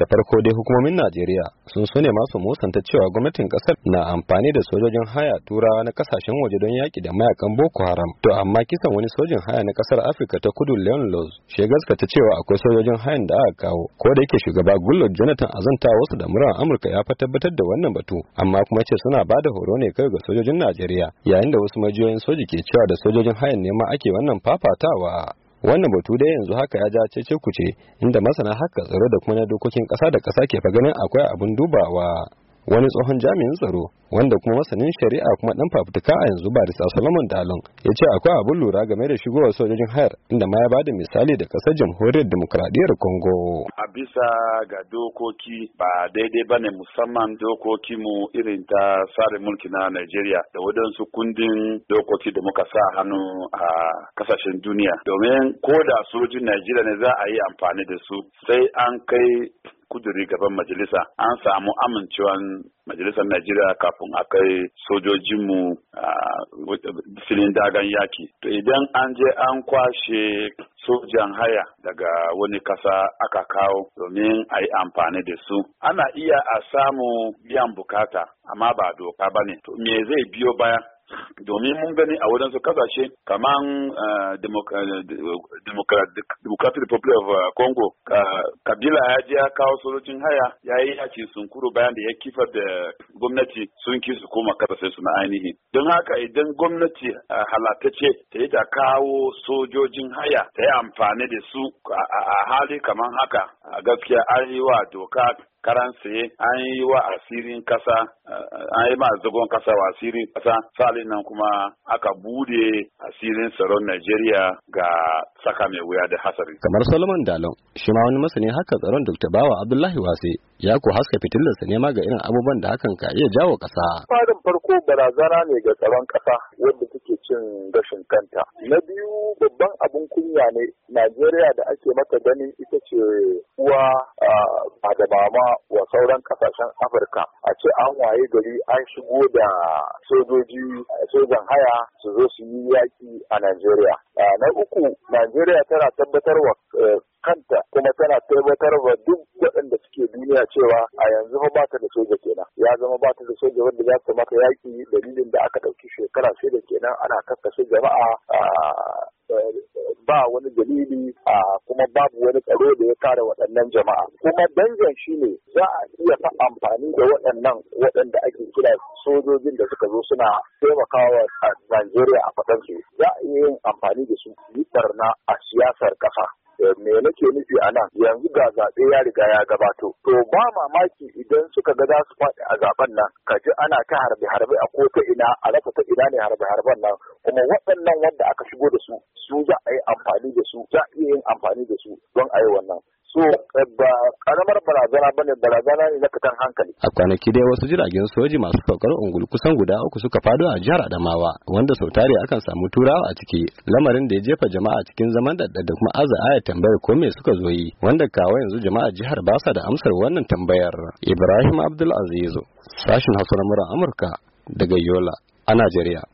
da farko dai hukumomin najeriya sun sune masu musanta cewa gwamnatin kasar na amfani da sojojin haya turawa na kasashen waje don yaƙi da mayakan boko haram to amma kisan wani sojin haya na kasar afirka ta kudu leon los shi ta cewa akwai sojojin hayan da aka kawo ko da yake shugaba gullo jonathan azanta wasu da muran amurka ya fa tabbatar da wannan batu amma kuma ce suna ba da horo ne kai ga sojojin najeriya yayin da wasu majiyoyin soji ke cewa da sojojin hayan ne ma ake wannan fafatawa wannan batu dai yanzu haka ya ja cece kuce inda masana haka tsaro da kuma na dokokin ƙasa da ƙasa ke fa ganin akwai abin dubawa wani tsohon jami'in tsaro wanda kuma masanin shari'a kuma dan fafutuka a yanzu ba da solomon dalon ya ce akwai abun lura game da shigowar sojojin hayar inda ma ya bada misali da kasar jamhuriyar demokradiyyar congo a bisa ga dokoki ba daidai ba ne musamman dokoki mu irin ta tsarin mulki na Najeriya da wadansu kundin dokoki da muka sa hannu a kasashen duniya domin ko da sojin Najeriya ne za a yi amfani da su sai an kai kuduri gaban majalisa an samu amincewan majalisar Najeriya kafin a kai sojojinmu a filin dagan yaki. To idan an je an kwashe sojan haya daga wani kasa aka kawo domin a yi amfani da su. Ana iya a samu biyan bukata amma ba doka ba ne. me zai biyo baya? domin mun gani a wadansu kasashe kaman eh, eh, eh, democratic republic of congo kabila ya je ya kawo sojojin haya ya yi yaki sunkuru bayan da ya kifar da gwamnati sun ki su koma kasa sai suna ainihi don haka idan gwamnati halatacce ta yi ta kawo sojojin haya ta yi amfani da su a hali kamar haka a gaskiya arewa doka sai an yi wa asirin kasa eh, an yi ma zagon kasa wa asirin kasa salin nan kuma aka bude asirin tsaron Najeriya ga saka mai wuya da hasari. Kamar Solomon Dalon shi ma wani masani haka tsaron Dr. Bawa Abdullahi Wase ya ko haska fitilarsa nema ga irin abubuwan da hakan ka iya jawo kasa. Farin farko barazana ne ga tsaron kasa wanda take cin gashin kanta. Na biyu babban abun kunya ne Najeriya da ake mata ganin ita ce uwa A da wa sauran kasashen afirka a ce an waye gari an shigo da sojoji sojan haya su zo su yi yaki a najeriya na uku najeriya tana tabbatar wa eh, kanta kuma tana tabbatar wa duk waɗanda suke duniya cewa a yanzu fa bata da soja kenan ya zama bata da soja wanda za su maka yaki dalilin da aka ɗauki shekara shida kenan ana kakkashe jama'a eh, ba wani dalili a kuma babu wani tsaro da ya kare waɗannan jama'a kuma danzan shi ne za a iya fa amfani da waɗannan waɗanda ake kira sojojin da suka zo suna taimakawa a Najeriya a faɗansu za a iya yin amfani da su yi barna a siyasar ƙasa me nake nufi a nan yanzu ga zaɓe ya riga ya gabato to ba mamaki idan suka ga za su faɗi a zaben nan ka ji ana ta harbe harbe a ko ta ina a rasa ta ina ne harbe harben nan kuma waɗannan wanda aka shigo da su su za a yi amfani da su za a iya yin amfani da su don a yi wannan so ba karamar barazana ba ne barazana ne na fitan hankali. A kwanaki dai wasu jiragen soji masu saukar ungulu kusan guda uku suka fado a jihar Adamawa wanda sau tare akan samu turawa a ciki lamarin da ya jefa jama'a cikin zaman da da kuma aza aya tambayar ko me suka zo yi wanda kawo yanzu jama'a jihar ba sa da amsar wannan tambayar. Ibrahim Abdul azizu sashin Hausa na Amurka daga Yola a Najeriya.